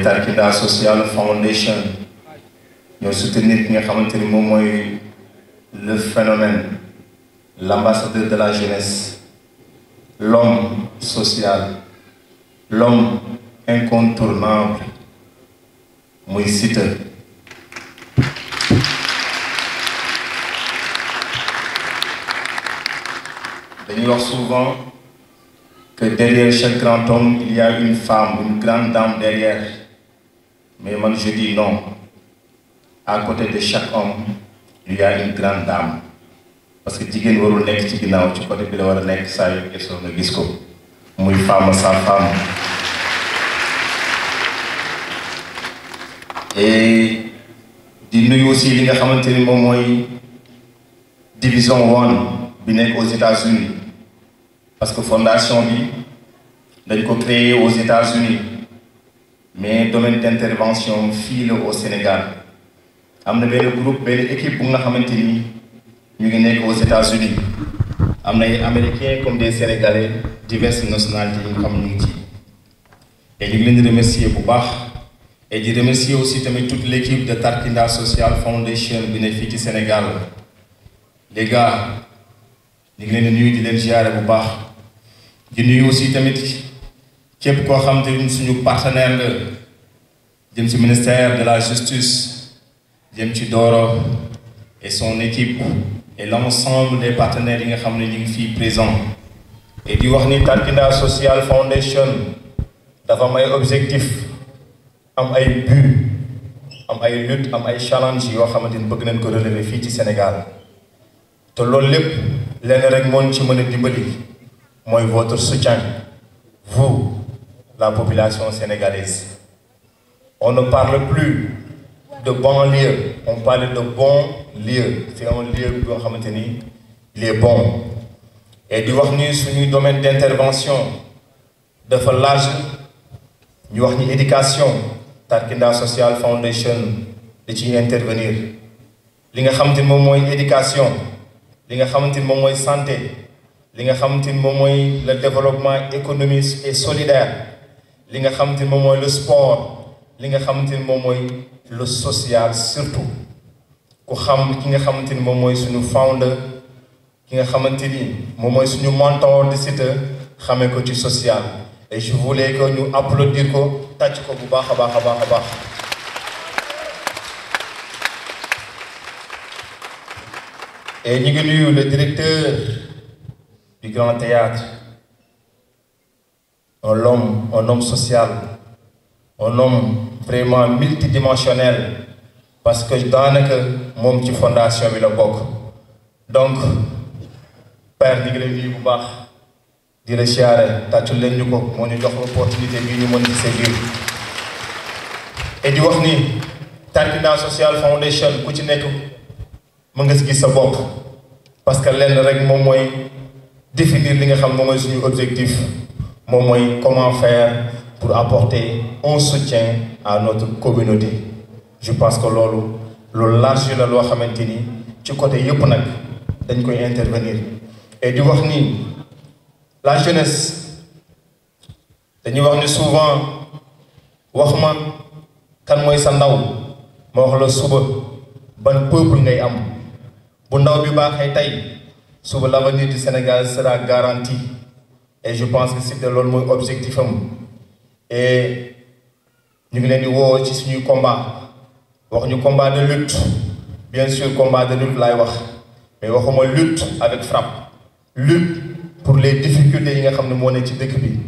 mooy Tarkida Social Foundation ñoo soutenir ki nga xamante ni moom mooy le phénomène l'ambassadeur de la jeunesse l'homme social l'homme incontournable muy Siteu dañuy wax souvent que derrière chaque grand homme il y une femme une grande dame derrière Mais man je dis non. À côté de chaque homme, il y une grande dame. Parce que jigéen warul nekk ci ginnaaw ci côté bi war a nekk saa yu gesoo nga gis ko muy femme sa femme. et di nuyu aussi li nga xamante ni moom mooy division one bi nekk aux parce que fondation bi dañ ko créé aux états mais domaine d'intervention fii la au Sénégal am na benn groupe benn équipe bu nga xamante ni ñu ngi nekk aux États-Unis am na ay américains comme des sénégalais diverses nationalités yi nga xam ñu ngi ci et ñu ngi remercier bu baax et di remercier aussi tamit toute l'équipe de Tarkinda Social Foundation bi ne fii ci Sénégal les gars ñu ngi di nuyu di leen ziare bu baax di nuyu aussi tamit. képp koo xam te suñu partenaire la jëm ci ministère de la justice jëm ci Doro et son équipe et l'ensemble des partenaires yi nga xam ne ñu ngi fii présent et di wax ni Tarkinda Social Foundation dafa am ay objectif am ay but am ay lutte am ay challenge yoo xamante ni bëgg nañ ko relever fii ci Sénégal te loolu lépp lenn rek moo ñu ci mën a dimbali mooy votre soutien vous la population sénégalaise. On ne parle plus de banlieue, on parle de bon lieu. C'est un lieu boo xamante ni est bon. et di wax ni suñuy domaine d'intervention dafa large ñu wax ni éducation Tarkinda Social Foundation da ciy intervenir li nga xamante ni moom mooy éducation li nga xamante ni moom mooy santé li nga xamante ni moom mooy le développement économique et solidaire li nga xamante ni moom mooy le sport li nga xamante ni moom mooy le social surtout ku xam ki nga xamante ni moom mooy suñu founder ki nga xamante ni moom mooy suñu mentor de Siteu xamee ko ci social et je voulais que ñu applaudir ko tàcc ko bu baax a baax a baax a baax et ñu ngi nuyu le directeur du Grand Théâtre un homme, un homme social, un homme vraiment multidimensionnel parce que daanaka moom ci fondation bi la bokk donc père di ngi lay nuyu bu baax di la siyaare tàccu leen ñu ko moo ñu jox opportunité bi ñu mën ci sévir et di wax ni Tarkina Social Foundation ku ci nekk mu nga gis sa bopp parce que lenn rek moom mooy définir li nga xam moom mooy suñu objectif moom mooy comment faire pour apporter un soutien à notre communauté je parce que loolu loolu large la loo xamante ni ci côté yëpp nag dañ koy intervenir et di wax ni la jeunesse dañuy wax ni souvent wax ma kan mooy sa ndaw ma wax la suba ban peuple ngay am bu ndaw bi baaxee tey suba l'avenir du Sénégal sera garanti et je pense que Siteu loolu mooy objectif am et ñu ngi leen di woo ci suñuy combat wax ñu combat de lutte bien sûr combat de lutte laay wax mais waxuma lutte avec frappe lutte pour les difficultés yi nga xam ne moo ne ci dëkk bi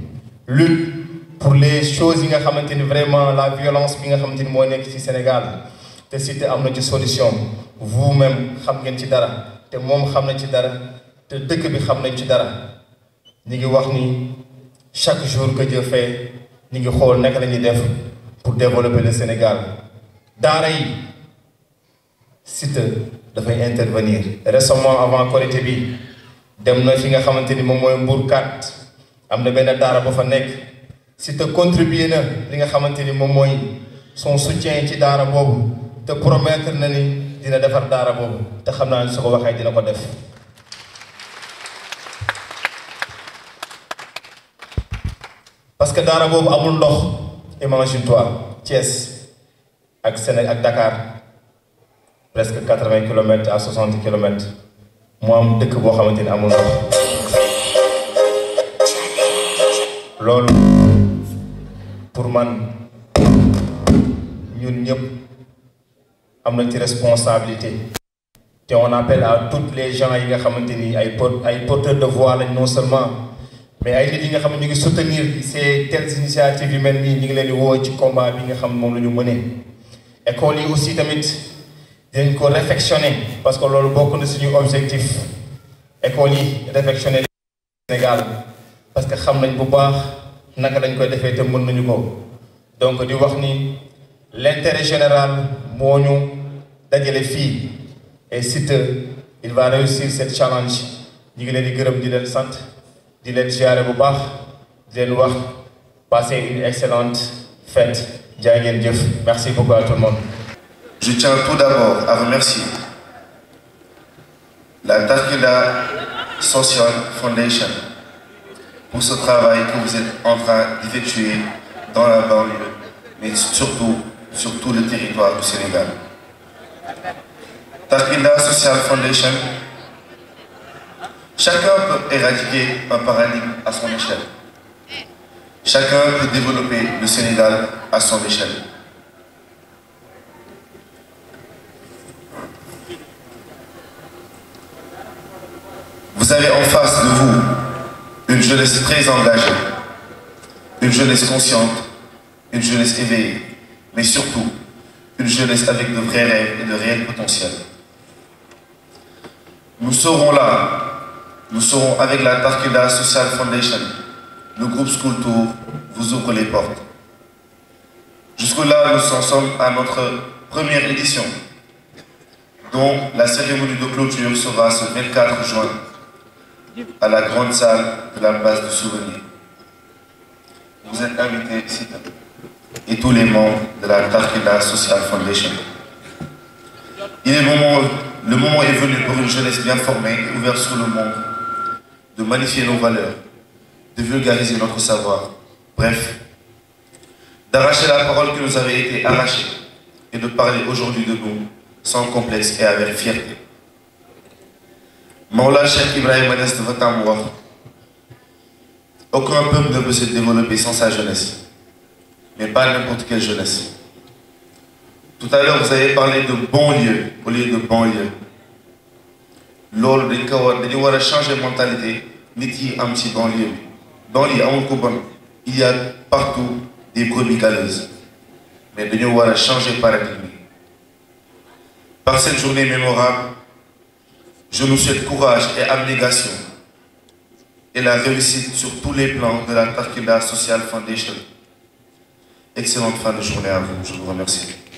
lutte pour les choses yi nga xamante ni vraiment la violence bi nga xam xamante ni moo nekk ci Sénégal te Siteu am na ci solution bi vous-même xam ngeen ci dara te moom xam na ci dara te dëkk bi xam nañ ci dara ñi ngi wax ni chaque jour que Dieu fait ñi ngi xool naka lañuy def pour développer le Sénégal daara yi Siteu dafay intervenir récemment avant Korité bi dem na fi nga xamante ni moom mooy Mbourkat am na benn daara ba fa nekk Siteu contribuer na li nga xamante ni moom mooy son soutien ci daara boobu te promettre na ni dina defar daara boobu te xam naa ni su ko waxee dina ko def parce que daara boobu amul ndox imagine toi Thiès ak Sénégal ak Dakar presque quatre vingt kilomètres à soixante kilomètres mu am dëkk boo xamante ni amul ndox loolu pour man ñun ñëpp am na ci responsabilité te on appelle à toutes les gens yi nga xamante ni ay ay porteurs de voix lañ non seulement. mais ay yi nga xam ne ñu ngi soutenir ces telles initiatives yu mel nii ñu ngi leen di woo ci combat bi nga xam moom la ñu mënee école yi aussi tamit dañ ko réfectionner parce que loolu bokk na suñu objectif école yi réfectionner Sénégal parce que xam nañ bu baax naka dañ koy defee te mën nañu ko donc di wax ni l'intérêt général moo ñu dajale fii et Siteu il va réussir cette challenge ñu ngi leen di gërëm di leen sant di leen ziare bu baax di leen wax passez une excellente fête jaa ngeen jëf je tiens tout d'abord à remercier la Tarkida Social Foundation pour ce travail que vous êtes en train dans la banlieue mais surtout sur tout le territoire du Sénégal. Tarkida Social Foundation Chacun peut éradiquer un paradigme à son échelle. Chacun peut développer le Sénégal à son échelle. Vous avez en face de vous une jeunesse très engagée, une jeunesse consciente, une jeunesse éveillée, mais surtout une jeunesse avec de vrais rêves et de réels potentiels. Nous serons là Nous serons avec la Tarkida Social Foundation. Le groupe School Tour vous ouvre les portes. jusque nous en sommes à notre première édition, dont la cérémonie de clôture sera ce 24 à la grande salle de la place du souvenir. Vous êtes invités ici et tous les membres de la Tarkida Social Foundation. Il est venu pour une jeunesse bien formée et sur le monde de magnifier nos valeurs, de vulgariser notre savoir, bref, d'arracher la parole qui nous avait été arrachée et de parler aujourd'hui de nous sans complexe et avec fierté. Maola Cheikh Ibrahim Niass dafa tàmm wax aucun peuple ne peut se développer sans sa jeunesse mais pas n'importe quelle jeunesse. Tout à l'heure vous avez parlé de banlieue au lieu de banlieue loolu dañ ko war dañu war a changer mentalité nit yi am ci banlieue bi banlieue amul ko bon il y a partout des brebis galeuses mais dañoo war a changer par cette journée mémorable je nous souhaite courage et abnégation et la réussite sur tous les plans de la Tarkida Social Foundation excellente fin de journée à vous je vous remercie